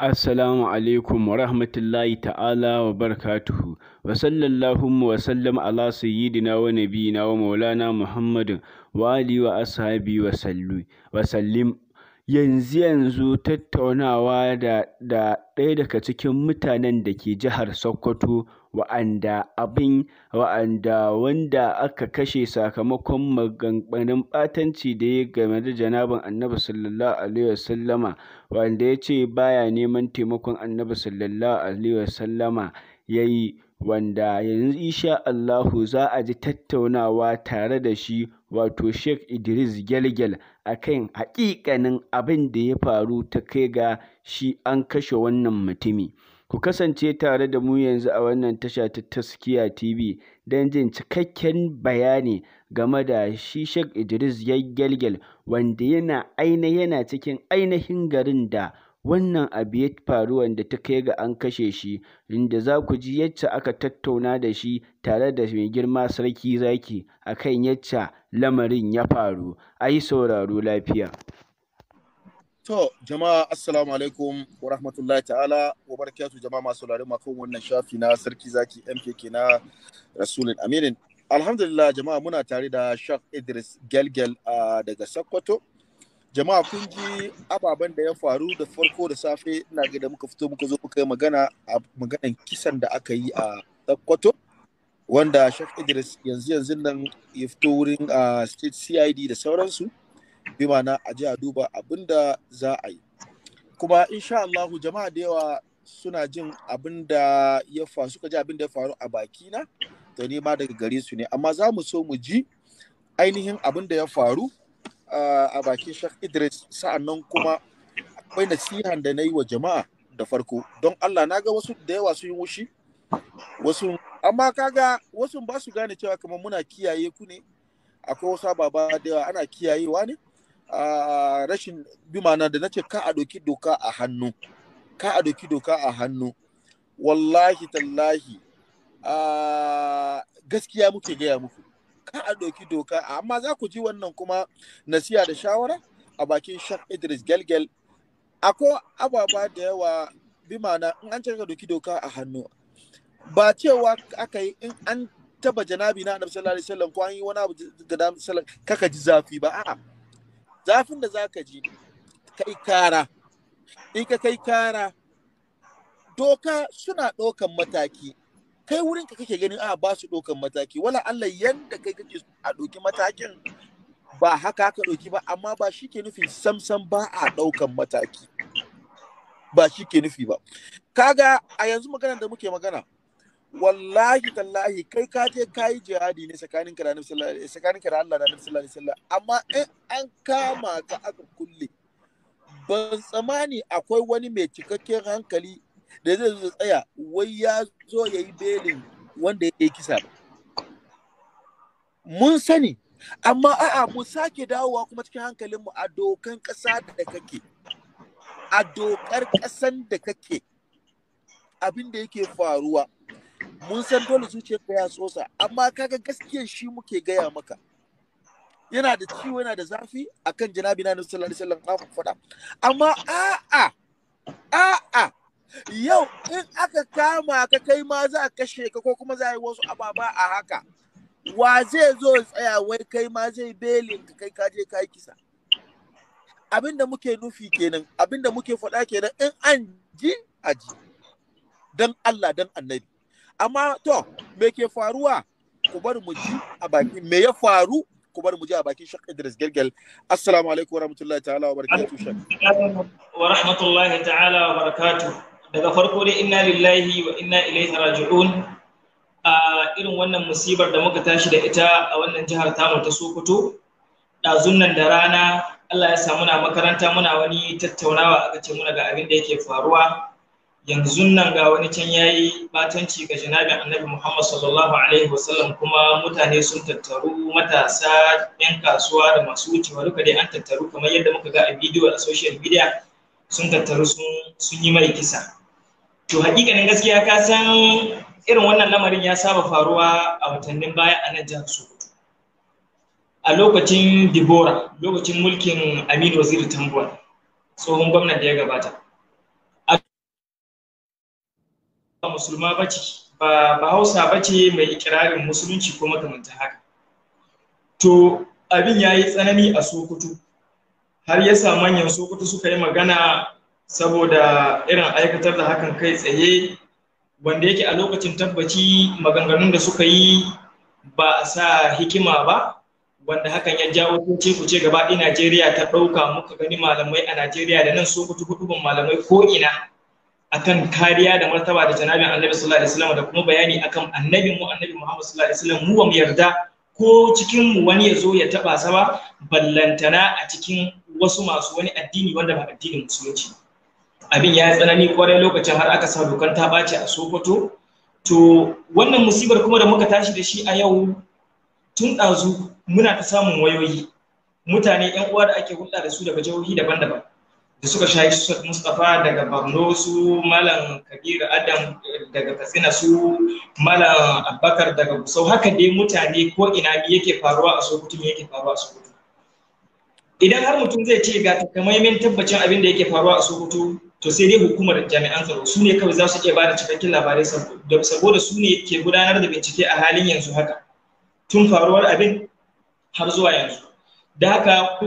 Assalamu alaikum wa rahmatullahi ta'ala wa barkatuhu, wa sallallahu wa sallam ala sayyidina wa nabiyina wa maulana Muhammadu wa ali wa ashabi wa sallu wa sallim yanzu yanzu tattaunawa da ɗaya daga cikin mutanen da ke jihar Sokoto wa'anda wanda aka kashe sakamakon maganganun ɓatanci da ya game da janabin Annabi sallallahu alaihi wasallama wanda ya ce baya neman taimakon Annabi sallallahu alaihi wasallama yayi wanda yanzu insha Allahu za a ji tattaunawa tare da shi wato Sheikh Idris Gelgel kan hakikanin abin da ya faru ta kai ga shi an kashe wannan mutumi. Ku kasance tare da mu yanzu a wannan tasha ta Taskiya TV don jin cikakken bayani game da shi Idris Yaggelgel wanda yana aina yana cikin ainihin garin da wannan abu ya faru wanda ta kai ga an kashe shi inda za ku ji yacca aka tattauna da shi tare da mai girma sarki zaki akan yacca lamarin ya faru ai sauraro lafiya To, jama'a assalamu alaikum wa rahmatullahi ta'ala wa barakatu jama'a masu larin makon wannan shafi na sarki zaki MKK na Rasulun Aminin. Alhamdulillah jama'a muna tare da Shak Idris Gelgel uh, daga Sokoto. Jama'a kun ji ababen da ya faru da farko da safe ina ga da muka fito muka zo muka yi magana a maganan kisan da aka yi a Sokoto. Wanda Shak Idris yanzu yanzu nan ya fito wurin uh, state CID da sauransu. bi ma'ana a je a duba abin da za a yi kuma insha Allahu jama'a da yawa suna jin abin da ya faru suka ji abin da ya faru a na. to ni ma daga gare su ne amma za mu so mu ji ainihin abin da ya faru ah, a bakin Sheikh Idris sa'annan kuma akwai nasihan da na yi wa jama'a da farko don Allah na ga wasu da yawa sun yi wushi wasu amma kaga wasu ba su gane cewa kamar muna kiyaye ku ne akwai wasu ababa da yawa ana kiyayewa ne rashin bimana da nace ka a doki doka a hannu ka a doki doka a hannu wallahi tallahi gaskiya muke gaya muku ka a doki doka amma za ku ji wannan kuma nasiya da shawara a bakin Shak Idris Gelgel akwai ababa da yawa bimana in an cika doki doka a hannu ba cewa aka yi in an taba janabi na annabi sallallahu alaihi wasallam ko an yi wani abu ga sallallahu kaka ji zafi ba a'a zafin da za ka ji kai kara in ka kai kara doka suna ɗaukan mataki kai wurin ka kake ganin a ba su ɗaukan mataki wala Allah yanda kai kake a ɗauki matakin ba haka ka ɗauki ba amma ba shi ke nufin samsam ba a ɗaukan mataki ba shi ke nufi ba kaga a yanzu maganar da muke magana wallahi tallahi kai ka je ka yi jihadi ne tsakanin da Annabi sallallahu alaihi tsakanin da Allah da Annabi sallallahu alaihi wasallam amma in an kama ka aka kulle ban tsamani akwai wani mai cikakken hankali da zai zo tsaya wai ya zo ya yi belin wanda ya yi kisa ba mun sani amma a'a mu sake dawowa kuma cikin hankalinmu a dokan ƙasa da kake a dokar ƙasan da kake abin da yake faruwa mun san dole zuciyar ka ya tsosa amma kaga gaskiyar shi muke gaya maka yana da ciwo yana da zafi akan janabi na nabi sallallahu alaihi wasallam ka faɗa amma a'a a'a yau in aka kama ka kai ma za a kashe ka ko kuma za a yi wasu ababa a haka wa zai zo tsaya wai kai ma zai belin ka kai ka je ka yi kisa abinda muke nufi kenan abinda muke faɗa kenan in an ji a ji don Allah don annabi amma to me ke faruwa ku bar mu ji a baki me ya faru ku bar mu ji a bakin Sheikh Idris Gelgel assalamu alaikum warahmatullahi ta'ala wa barakatuh Sheikh wa rahmatullahi ta'ala wa barakatuh daga farko dai inna lillahi wa inna ilaihi raji'un a irin wannan musibar da muka tashi da ita a wannan jihar tamu ta Sokoto ɗazun nan da rana Allah ya samu muna makaranta muna wani tattaunawa a ce muna ga abin da yake faruwa yanzu nan ga wani can ya yi batanci ga janabin annabi Muhammad sallallahu Alaihi wasallam kuma mutane sun tattaru matasa 'yan kasuwa da masu wucewa duka dai an tattaru kamar yadda muka ga a bidiyo a social media sun tattaru sun yi mai kisa. To hakikanin gaskiya ka san irin wannan lamarin ya saba faruwa a watannin baya a nan jihar Sokoto. A lokacin Dibora, lokacin mulkin Aminu Waziri tambuwa tsohon gwamnan da ya gabata. ba musulma ba ce ba hausa ba ce mai ikirarin musulunci ko makamanta haka to abin ya yi tsanani a sokoto har ya sa manyan sokoto suka yi magana saboda irin aikatar da hakan kai tsaye wanda yake a lokacin tabbaci maganganun da suka yi ba a sa hikima ba wanda hakan ya jawo ce ku ce gaba ɗaya Najeriya ta ɗauka muka gani malamai a Najeriya da nan sokoto hudu malamai ko ina akan kariya da martaba da janabin annabi sallallahu alaihi wasallam da kuma bayani akan annabin mu annabi Muhammad sallallahu alaihi wasallam mu wa mu yarda ko cikin mu wani ya zo ya taba sa ba ballantana a cikin wasu masu wani addini wanda ba addinin musulunci abin ya tsanani kwarai lokacin har aka sa dokar ta bace a Sokoto to wannan musibar kuma da muka tashi da shi a yau tun ɗazu muna ta samun wayoyi mutane 'yan uwa da ake hulɗa da su daga jihohi daban-daban da suka shayi Mustapha daga Borno su Malam Kabir Adam daga Katsina su Malam Abubakar daga Gusau haka dai mutane ko ina yake faruwa a Sokoto me yake faruwa a Sokoto idan har mutum zai ce ga takamaimin tabbacin abin da yake faruwa a Sokoto to sai dai hukumar jami'an tsaro su ne kawai za su iya bada cikakken labarai saboda su ne ke gudanar da bincike a halin yanzu haka tun faruwar abin har zuwa yanzu da haka ko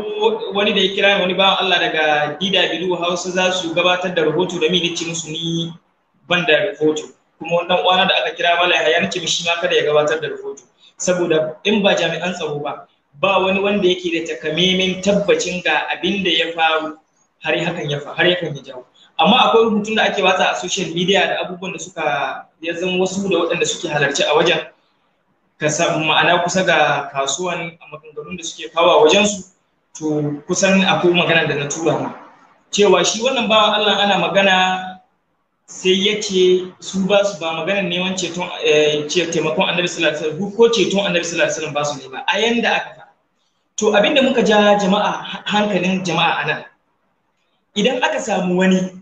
wani da ya kira wani bawan Allah daga dida bilu Hausa za su gabatar da rahoto da mini cin su ni ban da rahoto kuma wannan uwana da aka kira mala ya nace shi ma kada ya gabatar da rahoto saboda in ba jami'an tsaro ba ba wani wanda yake da takamaimin tabbacin ga abin da ya faru har hakan ya har hakan jawo amma akwai rubutun da ake watsa a social media da abubuwan da suka ya zama wasu da waɗanda suke halarci a wajen kasa ma'ana kusa ga kasuwan maganganun da suke kawo wajen su to kusan akwai magana da na tura ma cewa shi wannan ba Allah ana magana sai ya ce su ba su ba magana neman ceton eh, taimakon annabi sallallahu alaihi wasallam ko ceton annabi sallallahu alaihi wasallam ba su ne ba a yanda aka fa to abinda muka ja jama'a hankalin jama'a anan idan aka samu wani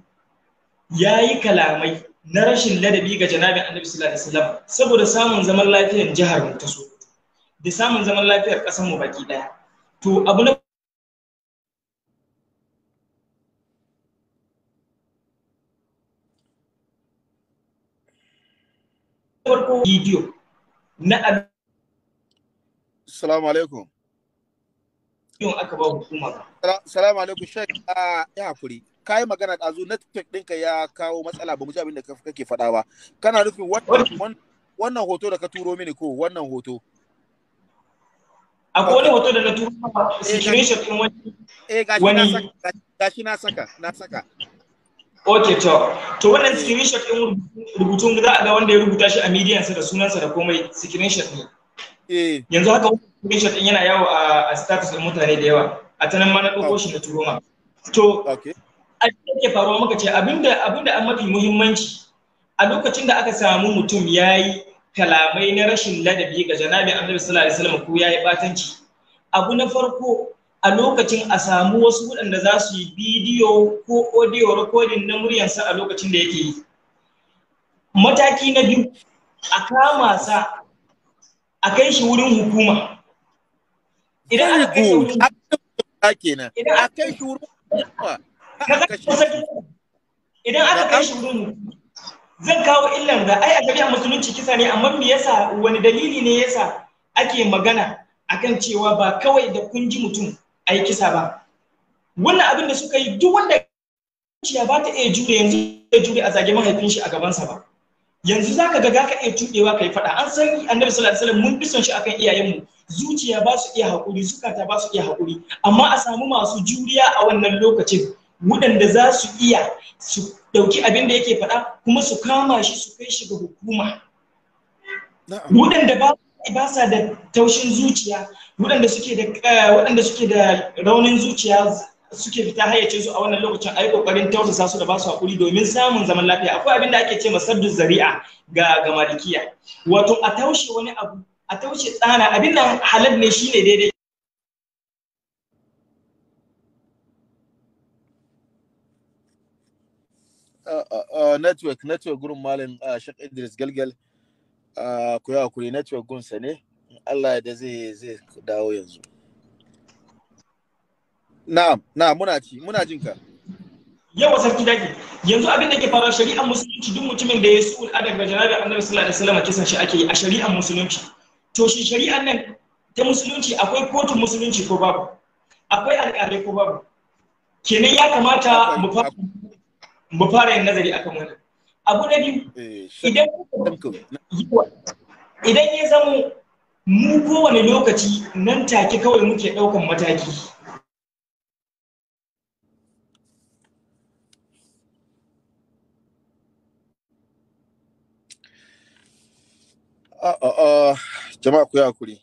ya yi kalamai na rashin ladabi ga janabin annabi sallallahu alaihi wasallam saboda samun zaman lafiyar jihar mu ta so da samun zaman lafiyar kasar mu baki daya to abu na video na Assalamu alaikum. Yau aka ba hukuma. Assalamu alaikum Sheikh. a ah, ya hakuri. ka yi magana ɗazu network ɗinka ya kawo matsala ba mu ji abin da kake faɗa ba kana nufin wannan hoto da ka turo mini ko wannan hoto akwai wani hoto da na turo eh, situation ɗin wani eh gashi gashi na saka na saka Ok, to. To wannan screenshot ɗin rubutun za a ga wanda ya rubuta shi a mediansa da sunansa da komai screenshot ne. Eh. Yanzu haka wannan screenshot ɗin yana yawo a status ɗin mutane da yawa. A tanan nan ma na ɗauko shi da turo ma. To, abin da ke faruwa muka ce abinda abinda an mafi muhimmanci a lokacin da aka samu mutum yayi kalamai na rashin ladabi ga janabi annabi sallallahu alaihi wasallam ko yayi batanci abu na farko a lokacin a samu wasu waɗanda za su yi bidiyo ko audio recording na muryarsa a lokacin da yake yi mataki na biyu a kama sa a kai shi wurin hukuma idan aka kai shi wurin hukuma idan aka kai shi wurin zan kawo illan da ai a shari'ar musulunci kisa ne amma me yasa wani dalili ne yasa ake magana akan cewa ba kawai da kun ji mutum a yi kisa ba wannan abin da suka yi duk wanda ya ba ta iya jure yanzu ya jure a zage mahaifin shi a gabansa ba yanzu za ka ga ka iya tuɗewa ka yi faɗa an san annabi sallallahu alaihi mun fi son shi akan iyayenmu zuciya ba su iya haƙuri zukata ba su iya haƙuri amma a samu masu juriya a wannan lokacin waɗanda za su iya su ɗauki abin da yake faɗa kuma su kama shi su kai shi ga hukuma waɗanda ba ba sa da taushin zuciya waɗanda suke da eh, waɗanda suke da raunin zuciya suke fita hayyace su a wannan lokacin ai kokarin tausasa su da ba su hakuri domin samun zaman lafiya akwai abin da ake ce saddu zari'a ga ga malikiya wato a taushe wani abu a taushe tsana abin nan halal ne shine daidai network network gurin malam Sheikh Idris Galgal ku yi hakuri network gunsa ne Allah da zai zai dawo yanzu na'am na muna ci muna jin ka yawa sarki daji yanzu abin da ke faruwa shari'ar musulunci duk mutumin da ya su adab ga jarabi annabi sallallahu alaihi wasallam kisan shi ake yi a shari'ar musulunci to shi shari'ar nan ta musulunci akwai kotun musulunci ko babu akwai al'adai ko babu kenan ya kamata mu fara mu fara yin nazari akan wannan abu na biyu eh, idan idan ya zamo mu kowane lokaci nan take kawai muke ɗaukan mataki ah, ah, ah. jama'a ku yi hakuri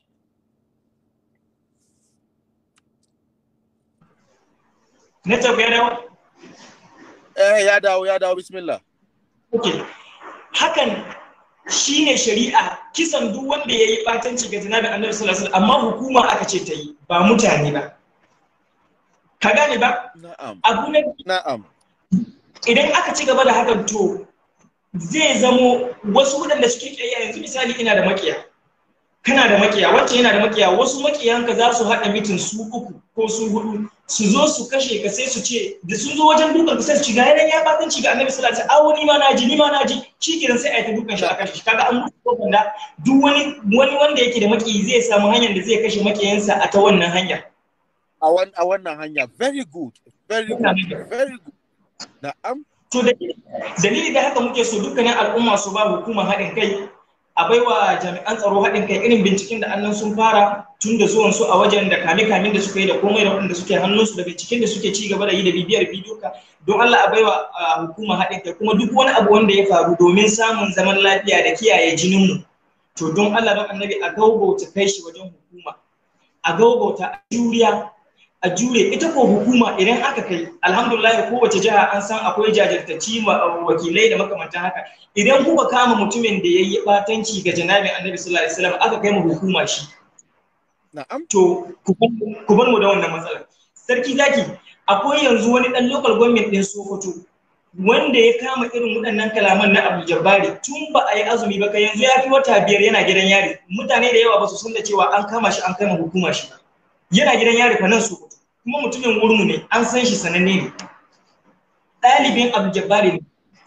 na tafiya da eh ya dawo ya dawo bismillah okay hakan shine shari'a kisan duk wanda yayi batanci ga zina da annabi sallallahu alaihi amma hukuma aka ce ta yi ba mutane ba ka gane ba na'am abu ne na'am idan aka ci gaba da hakan to zai zamo wasu waɗanda suke kiyaye yanzu misali ina da makiya kana da makiya wancan yana da makiya wasu makiyanka za su haɗa mitin su uku ko su hudu su zo su kashe ka sai su ce da sun zo wajen dukan ka sai su ci ga yanayin ya batun ci ga annabi sallallahu alaihi wasallam ni ma na ji ni ma na ji kiran sai a yi ta dukan shi a kashe shi kaga an mutu ko banda duk wani wani wanda yake da maki zai samu hanyar da zai kashe makiyansa a ta wannan hanya a wannan hanya very good very good very good na'am to dalili da haka muke so dukkanin al'umma su ba hukuma haɗin kai a baiwa jami'an tsaro haɗin kai irin binciken da annan sun fara tun da zuwan su a wajen da kame kamin da suka yi da komai da waɗanda suke hannunsu da binciken da suke ci gaba da yi da bibiyar ka don Allah a baiwa hukuma haɗin kai kuma duk wani abu wanda ya faru domin samun zaman lafiya da kiyaye jinin mu to don Allah don annabi a gaugauta kai shi wajen hukuma a gaugauta juriya a jure ita ko hukuma idan aka kai alhamdulillah kowace jiha an san akwai jajirtacci uh, wakilai da makamantan haka idan kuka kama mutumin da yayi batanci ga janabi annabi sallallahu alaihi wasallam aka kai mu hukuma shi na'am to ku bar mu da wannan matsalar sarki zaki akwai yanzu wani dan local government din Sokoto wanda ya kama irin waɗannan kalaman na Abu Jabbari tun ba a yi azumi ba kai yanzu ya fi wata biyar yana gidan yari mutane da yawa ba su san da cewa an kama shi an kai hukuma shi ba yana gidan yari fa nan su kuma mutumin wurinmu ne an san shi sananne ne ɗalibin Abdul ne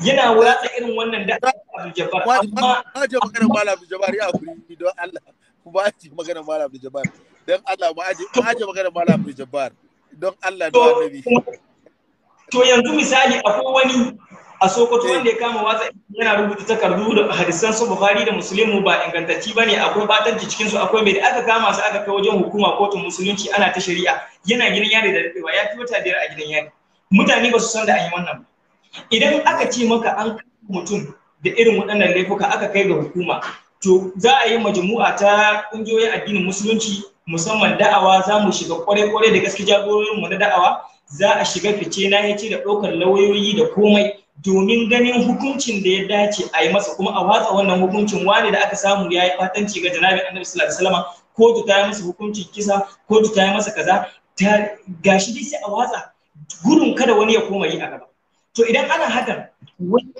yana wulatsa irin wannan da Abdul Jabbar amma ba je magana Malam Abdul Jabbar ya kuri don Allah ku ba ji magana Malam Abdul Jabbar don Allah ba je ba je magana Malam Abdul Jabbar don Allah da Annabi to yanzu misali akwai wani a Sokoto wanda ya eh. kama watsa yana rubuta takardu da hadisan su Bukhari da Muslim ba ingantacci bane akwai batanci cikin su akwai mai da aka kama su aka kai wajen hukuma kotun musulunci ana ta shari'a yana gidan yari da rufewa ya fi wata biyar a gidan yari mutane ba su san da an yi wannan ba idan aka ce maka an mutum da irin waɗannan laifuka aka kai ga hukuma to za a yi majmu'a ta ƙungiyoyin addinin musulunci musamman da'awa za mu shiga kware-kware da gaskiya jagororinmu na da'awa za a shiga fice na yace da ɗaukar lauyoyi da komai domin ganin hukuncin da ya dace a yi masa kuma a watsa wannan hukuncin wani da aka samu ya yi fatanci ga janabi annabi sallallahu alaihi wasallam kotu ta yi masa hukuncin kisa kotu ta yi masa kaza ta gashi dai sai a watsa gudun kada wani ya koma yi a gaba to idan ana haka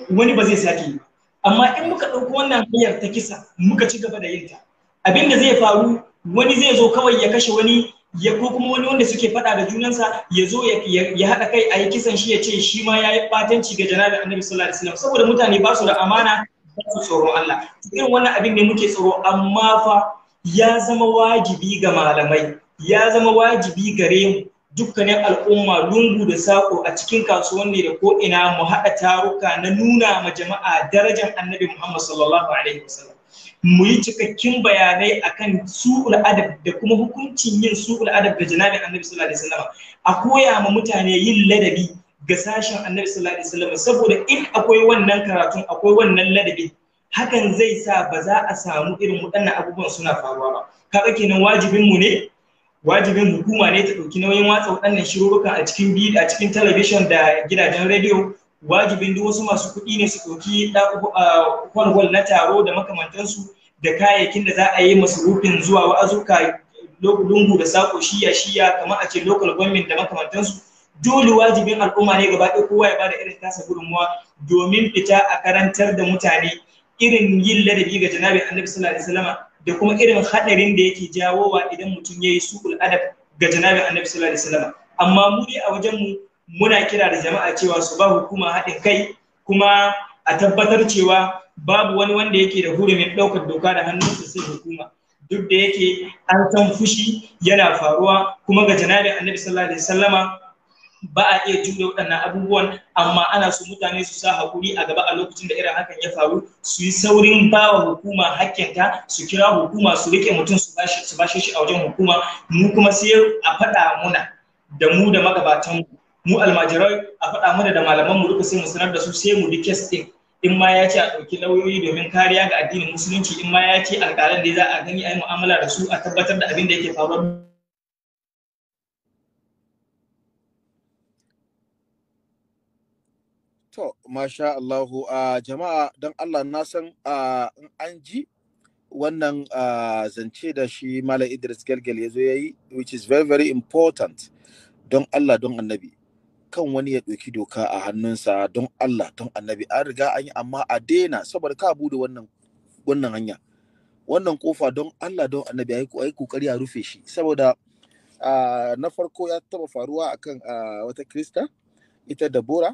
wani ba zai sake yi amma in muka ɗauko wannan hanyar ta kisa muka ci gaba da yin ta abin da zai faru wani zai zo kawai ya kashe wani ya ko kuma wani wanda suke faɗa da junansa ya zo ya haɗa kai a yi kisan shi ya ce shi ma ya yi ɓatanci ga janabi annabi sallallahu alaihi wasallam saboda mutane ba su da amana ba su tsoron Allah irin wannan abin ne muke tsoro amma fa ya zama wajibi ga malamai ya zama wajibi gare mu dukkanin al'umma lungu da sako a cikin kasuwanni da ko ina mu haɗa taruka na nuna ma jama'a darajar annabi Muhammad sallallahu alaihi wasallam mu yi cikakken bayanai akan su'ul adab da kuma hukuncin yin su'ul adab ga janabin annabi sallallahu alaihi wasallam a koya ma mutane yin ladabi ga sashen annabi sallallahu alaihi wasallam saboda in akwai wannan karatun akwai wannan ladabi hakan zai sa ba za a samu irin waɗannan abubuwan suna faruwa ba kaga kenan wajibin mu ne wajibin hukuma ne ta ɗauki nauyin watsa waɗannan shirurukan a cikin a cikin da gidajen rediyo wajibin duk wasu masu kuɗi ne su ɗauki kwalwal na taro da makamantansu da kayayyakin da za a yi masu rufin zuwa wa'azuka lungu da sako shiya shiya kamar a ce local government da makamantansu dole wajibin al'umma ne gaba ɗaya kowa ya bada irin tasa gudunmuwa domin fita a karantar da mutane irin yin ladabi ga janabi annabi sallallahu alaihi da kuma irin hadarin da yake jawowa idan mutum yayi su'ul adab ga janabi annabi sallallahu alaihi amma mu dai a wajen mu muna kira da jama'a cewa su ba hukuma haɗin kai kuma a tabbatar cewa babu wani wanda yake da hurumin ɗaukar doka da hannunsa sai hukuma duk da yake an san fushi yana faruwa kuma ga janabi annabi sallallahu alaihi wasallama ba a iya jure waɗannan abubuwan amma ana so mutane su sa haƙuri a gaba a lokacin da irin hakan ya faru su yi saurin ba wa hukuma hakkinta su kira hukuma su rike mutum su bashe shi a wajen hukuma mu kuma sai a faɗa muna da mu da magabatanmu mu almajirai a faɗa mana da malaman mu duka sai mu sanar da su sai mu kes din in ma ya ce a ɗauki lauyoyi domin kariya ga addinin musulunci in ma ya ce alƙalan da za a gani a yi mu'amala da su a tabbatar da abin da yake faruwa To, masha Allahu a jama'a don Allah na san in an ji wannan zance da shi Malam Idris Gelgel ya zo ya yi, which is very very important don Allah don annabi. kan wani ya ɗauki doka a hannunsa don Allah don annabi an riga an yi amma a daina saboda ka bude wannan wannan hanya wannan kofa don Allah don annabi a yi kokari a rufe shi saboda na farko ya taba faruwa akan wata krista ita da bora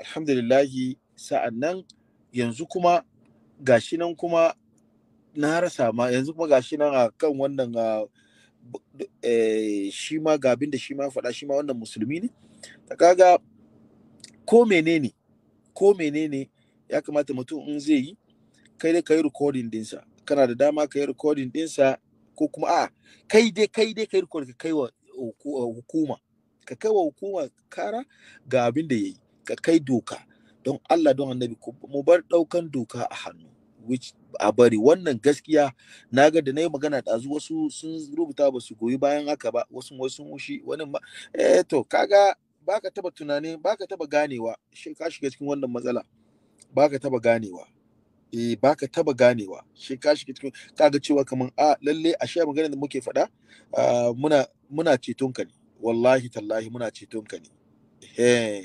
alhamdulillahi sa'an nan yanzu kuma gashi nan kuma na rasa ma yanzu kuma gashi nan a kan wannan Eh, shi ma ga abin da shi ma faɗa shi ma wannan musulmi ne ta kaga ko menene ko menene ya kamata mutum in zai yi kai dai kai recording dinsa kana da dama kai recording dinsa ko kuma a kai dai kai dai kai recording ka kai wa eh, hukuma ka kai wa hukuma kara ga abin da yayi ka kai doka don Allah don annabi mu bar daukan doka a hannu which a bari wannan gaskiya na ga da na yi magana ɗazu wasu sun rubuta ba su goyi bayan haka ba wasu wasu ushi wani ma eh to kaga baka taba tunani baka taba ganewa shi ka shiga cikin wannan matsala baka taba ganewa eh baka taba ganewa shi ka shiga cikin kaga cewa kaman a ah, lalle a sha magana da muke faɗa ah, muna muna ceton ka ne wallahi tallahi muna ceton ka ne eh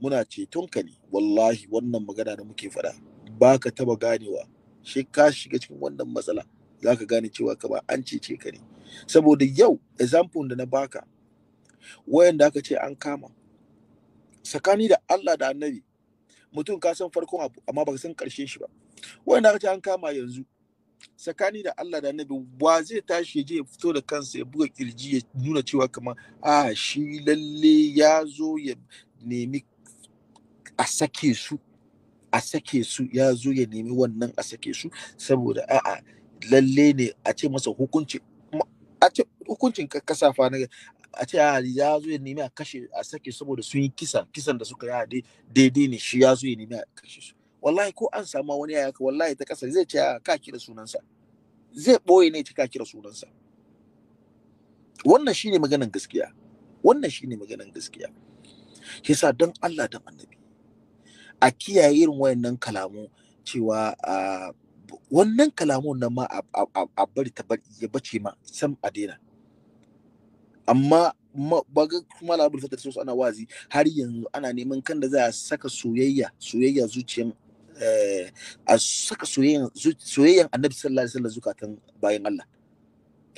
muna ceton ka ne wallahi wannan magana da muke faɗa ba ka taba ganewa shi ka shiga cikin wannan matsala za ka gane cewa ka ba an cece ka ne saboda yau example da na baka wayanda aka ce an kama sakani da Allah da annabi mutum ka san farkon abu amma baka san karshen shi ba wayanda aka ce an kama yanzu sakani da Allah da annabi wa zai tashi ya je ya fito da kansa ya buga kirji ya nuna cewa kamar a shi lalle ya zo ya nemi a sake su a sake su ya zo ya nemi wannan a sake su saboda a'a lalle ne a ce masa hukunci a ce hukuncin kasa na a ce a ya zo ya nemi a kashe a sake saboda sun yi kisa kisan da suka yi daidai ne shi ya zo ya nemi a kashe su wallahi ko an samu wani yaya yaka wallahi ta kasa zai ce a ka kira sunansa zai boye ne ka kira sunansa wannan shine maganan gaskiya wannan shine maganan gaskiya sa don Allah da annabi a kiyaye irin wayannan kalamu cewa wannan kalamun nan ma a bari ta ya bace ma sam a daina amma ba ga kuma labar fatar su ana wazi har yanzu ana neman kan da za a saka soyayya soyayya zuciyan eh, a saka soyayyan annabi sallallahu alaihi wasallam zukatan bayan Allah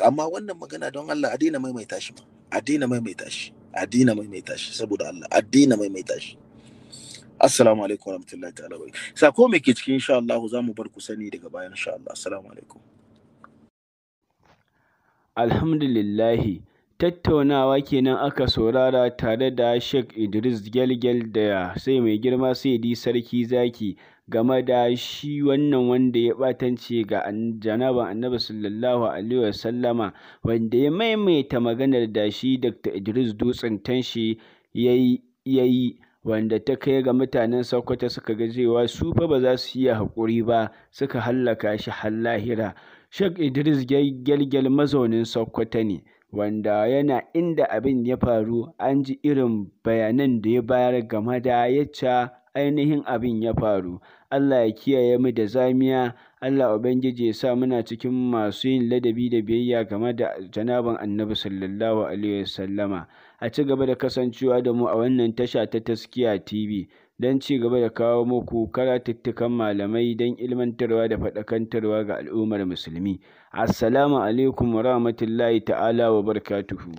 amma wannan magana don Allah a daina maimaita shi ma a daina maimaita shi a daina maimaita shi saboda Allah a daina maimaita shi assalamu alaikum warahmatullahi ta'ala wa sako me ke cikin insha Allah za mu bar ku sani daga bayan insha Allah assalamu alaikum Alhamdulillah. tattaunawa kenan aka saurara tare da Sheikh Idris Gelgel da sai mai girma sai di sarki zaki game da shi wannan wanda ya batance ga janaban annabi sallallahu alaihi wasallama wanda ya maimaita maganar da shi Dr. Idris Dutsen tanshi yayi yayi wanda ta kai ga mutanen Sokoto suka ga cewa su fa ba za su yi haƙuri ba suka hallaka shi har lahira. Sheikh Idris Gyalgyal mazaunin Sokoto ne wanda yana inda abin ya faru an ji irin bayanan da ya bayar game da yacca ainihin abin ya faru. Allah ya kiyaye mu da zamiya, Allah Ubangiji ya sa muna cikin masu yin ladabi da biyayya game da janaban Annabi sallallahu alaihi wasallama. a ci gaba da kasancewa da mu a wannan tasha ta Taskiya TV don ci gaba da kawo muku karatuttukan malamai don ilmantarwa da faɗakantarwa ga al'ummar musulmi. Assalamu alaikum wa rahmatullahi ta'ala wa barkatuhu.